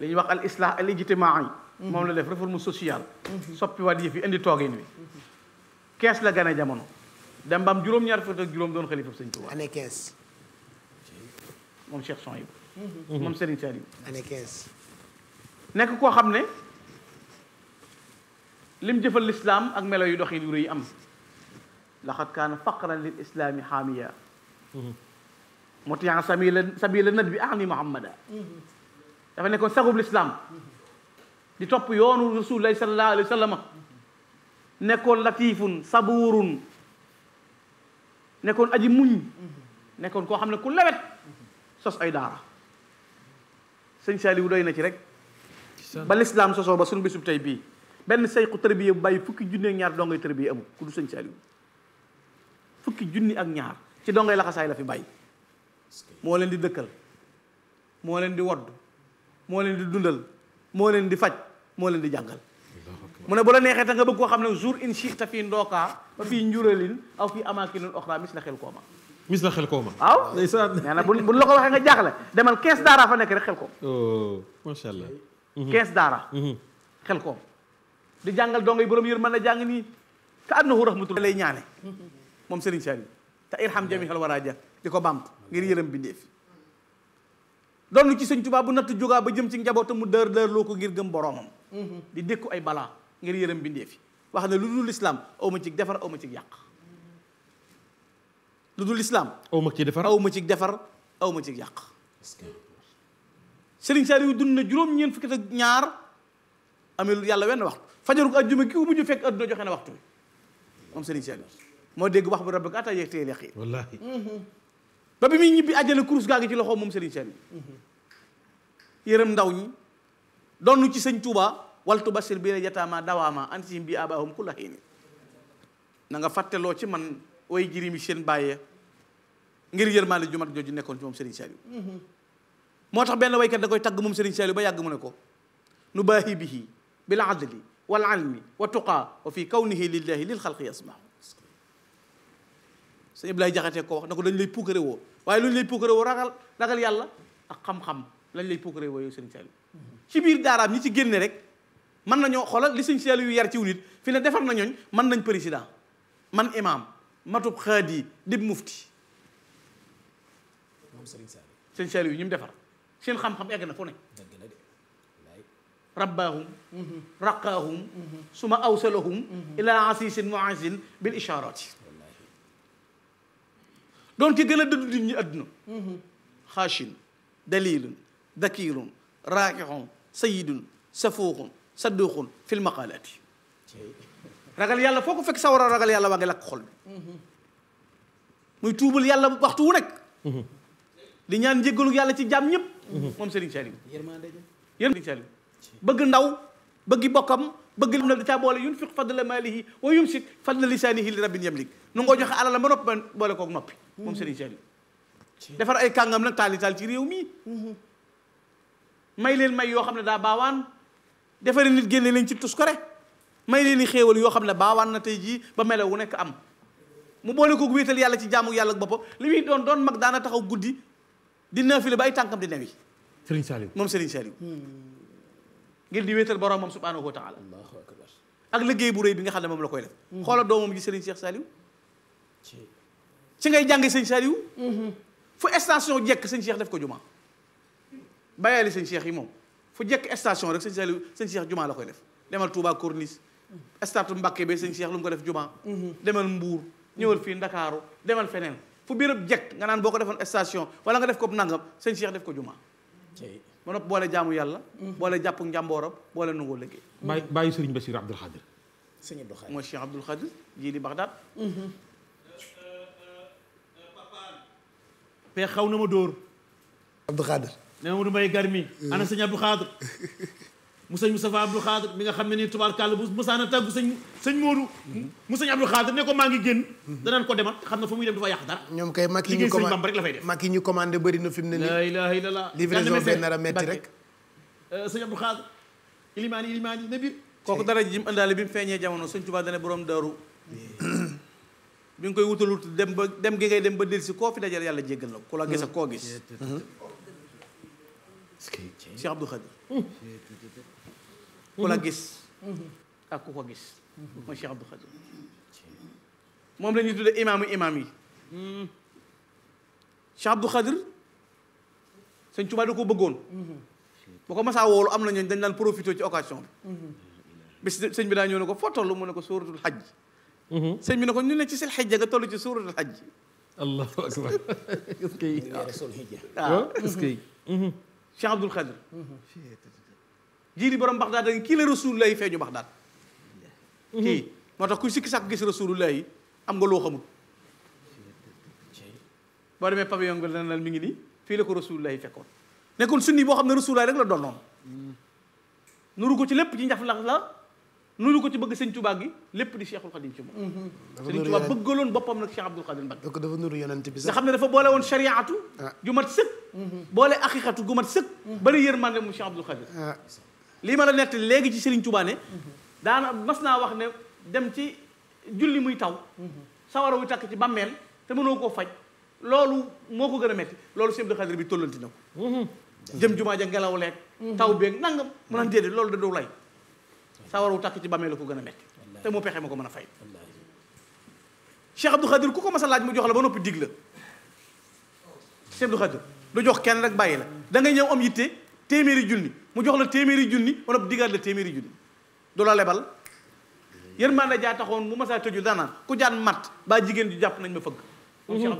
lañuy wax al islah al moom la def réforme sociale soppiwaat yëf yi indi toogin wi kees la gane jamono dem ba am juróom-ñaar fukk ak juróom doon xalifa sëñ Tuubaa année quinze moom mhm. moom Serigne Saliou nekk koo xam ne lim jëfal lislaam ak melo yu doxin yu rëy am laxat kaana faqran lil islaami xaamiya motiyan mhm. sabila sabila nat bi ahni muhammada mhm. dafa nekkoon sagub lislaam di topp yoonu rasulullahi sallallahu alayhi wa sallam nekkoon latifun sabuurun nekkoon aji muñ nekkoon koo xam ne ku lewet sos ay daara sëñ Saaliwu doy na ci rek ba lislaam sosoo ba suñu bisu tey bii benn sayqu tërbiya bu bàyyi fukki junne ak ñaar dongay tërbiya amul ku du sëñ fukki junni ak ñaar ci dongay laxasaay la fi bàyyi moo leen di dëkkal moo leen di wodd moo leen di dundal moo leen di faj moo leen di jàngal mu ne bu la neexee tax nga bëgg koo xam ne jour in chita fii ndookaa ba fii njuralin aw fii amaakinin oxra mis la xel kooma mis la xel kooma waaw nee na bu la ko waxee nga jaaxle demal kees daara fa nekk rek xel koom oh, allah mhm. kees daara mhm. xel koom di jàngal dongo yi borom yër mën na jàng nii ka annahu rahmatul lay ñaane mhm. moom Serigne Saliou te irham jami xel war a ja di ko bamtu ngir yërëm bindeef doon ci sëñ tubaab bu natt jógaa ba jëm ci njabootam mu dër dër loo ko ngir gëm boroomam mm-hmm. di dékku ay balaa ngir yërëm bindee fi wax ne lu dul lislaam aw ma ci defar aw ma ci yàq lu dul lislaam ma ci defar aw ma ci defar aw ma ci yàq Sëriñ Saaliw dund na juróom-ñeent fukki ak ñaar amee lu yàlla wenn waxtu fajarug àjjuma ki mujj fekk adduna joxe na waxtu bi moom Sëriñ Saaliw moo dégg wax bu rabbika ataa yeeg tey leex yi wallaahi mm-hmm. ba bi muy ñibbi àjjana kurus gaa ngi ci loxo moom Serigne Saliou yërëm ndaw ñi donn ci sëñ Touba wal basir bi la jataama dawaama ansim bi abahum ku laxi ni na nga ci man way jirimi seen bàyyee ngir yërmaale ju mat jooju nekkoon ci moom Serigne Saliou moo tax benn waykat da koy tagg moom Serigne Saliou ba yàgg mu ne ko nu baahi bihi bil adli wal almi wa tuqaa wa fi kawnihi lillahi lil xalqi asmaa sëñ Ablaye Jaxate ko wax na ko dañ lay puukare woo waaye lu ñu lay puukare woo ragal ragal yàlla ak xam-xam lañ lay puukare woo yow sëñ mhm. ci biir daaraam ñi ci génne rek mën nañoo xoolal li sëñ Saliou yu yar ci wu nit fi ne defar na ñooñ man nañ président man imam matub xaadi dib mufti moom sëñ Saliou sëñ Saliou yi ñu mu defar seen xam-xam egg na fu ne rabbaahum mhm. raqaahum mhm. suma awsalahum ila asisin muasin bil isharati doon ki gën a dëddu nit ñi àdduna xaachin dalilun dakirun raakixun sayidun safuuxun sadduuxun fil ragal yàlla foo ko fekk sa war ragal yàlla waa ngi lakk xol bi muy tuubal yàlla waxtu wu nekk di ñaan njéggalu yàlla ci jaam ñëpp moom Serigne Saliou yërmande bëgg ndaw bëgg bokkam bëgg lim na da caa boole yunfiq fadla maalihi wa yumsik fadla lisaanihi li rabbin yamlik nu ngoo joxe alal ba noppi ba boole kook noppi moom sëriñ Saliou defar ay kàngam nag taali taal ci réew mi mhm. may leen may yoo xam ne daa baawaan defari nit génne leen ci ko rek may leen i xéewal yoo xam ne baawaan na tey jii ba melew wu nekk am mu boole ko wéetal yàlla ci jaamu yàlla ak li muy doon doon mag daana taxaw guddi di naafile ba ay tànkam di newi ngir di wéetal boromam subhanahu ko taala ak liggéey bu rëy bi nga xam ne moom la koy def mhm. xoola doomam ji Serigne Cheikh Saliou ci ngay jànge sëñ Saliou mhm. fu station jekk sëñ Cheikh def ko juma bàyyaali sëñ Cheikh yi moom fu jekk station rek sëñ Saliou sëñ Cheikh la koy def demal Touba Corniche statu Mbacké ba sëñ Cheikh lu ko def juma mhm. demal Mbour ñëwal fii Ndakaaru demal feneen fu biirab jekk nga naan boo ko defoon station wala nga def ko nangam sëñ Cheikh def ko juma ba noppi boole jaamu yàlla. boole jàpp njàmbooram boole nangoo liggéey. bàyyi bàyyi Serigne Bassir Abdoul Khadir. Serigne Abdoul ba mooy Cheikh Abdoul Khadir jii di Bagdad. mais xaw na ma dóor. Abdoul Khadir. nee na du may garmi. Hmm. ana Serigne Abdoul Khadir. mu sëñ Moustapha Abdou Khadre mi nga xam ne nii tubaarkàlla bu musaana tàggu sëñ sëñ Moodu mu sëñ Abdou Khadre ne ko maa ngi génn danaan ko demal xam na fa muy dem du fa yàq dara ñoom kay mag yi ñu commandé Bamba rek la ñu commandé na fi mu ne nii la ilaha illallah livraison nar a metti rek euh, sëñ Abdou Khadre ilimaan yi ilimaan yi ne kooku dara ji mu ëndaale bi mu feeñee jamono sëñ Tuubaa dane borom daaru bi nga koy wutalul dem ba dem gi ngay dem ba delsi koo fi dajal yàlla jéggal la ku la gis ak koo gis mm-hmm. Cheikh Abdou Khadir hmm. ku la hmm. gis hmm. ak ah, ku ko gis mooy Cheikh Abdou Khadir moom la ñuy tuddee imaamu imaam yi Cheikh Abdou Khadir sëñ ko bëggoon boo ko masaa woolu am na ñooñ dañ daan profité ci occasion bi bis sëñ bi naa ñëw ne ko foo tollu mu ne ko suuratul xaj sëñ bi ne ko ñu ne ci sil xijja nga toll ci suuratul xaj allahu akbar Cheikh Abdoul Khadir jii li borom baxdaat dañ kii la rasulullah yi feeñu baxdaat kii moo tax kuy sikki sàkk gis rasulullah am nga loo xamul boo demee pavillon bi dana mi ngi nii fii la ko rasulullah yi fekkoon nekkoon sunni boo xam ne rasulullah rek la doon noonu mm. nuru ko ci lépp ci njax lax la nunu ko ci bëgg sëñ Tuubaa gi lépp di Cheikhul Khadim ci moom mm-hmm. sëñ Tuubaa bëggaloon boppam nag Cheikh Abdoul Khadim Mbacké dafa nuru yonent bi sax nga xam ne dafa boole woon chariatu ju ah. mat sëkk boole aqiqatu gu mat sëkk mm-hmm. mm-hmm. bari yërmande moom Cheikh Abdoul Khadim ah. lii ma la nett léegi ci Sëriñ Tuubaa ne daana mas naa wax ne dem ci julli muy taw sawara wuy takk ci bàmmeel te mënoo koo faj loolu moo ko gën a metti loolu Cheikh Abdoul Khadim bi tollanti na ko jëm jumaa ja ngelaw leeg taw beeg nangam mu naan déedéet loolu da doo lay sawar wu tàkk ci bàmmee la ko gën a metti te mu pexe ma ko mën a fay Cheikh Abdou Khadir ku ko mas laaj mu jox la ba noppi dig la Cheikh Abdou Khadir du jox kenn rek bàyyi la dangay ñëw am yitte téeméeri junni mu jox la téeméeri junni ba noppi digaat la téeméeri junni du la lebal yërmande jaa taxoon mu masaa tëju dana ku jaan matt baa jigéen ju jàpp nañ ma fëgg mhm.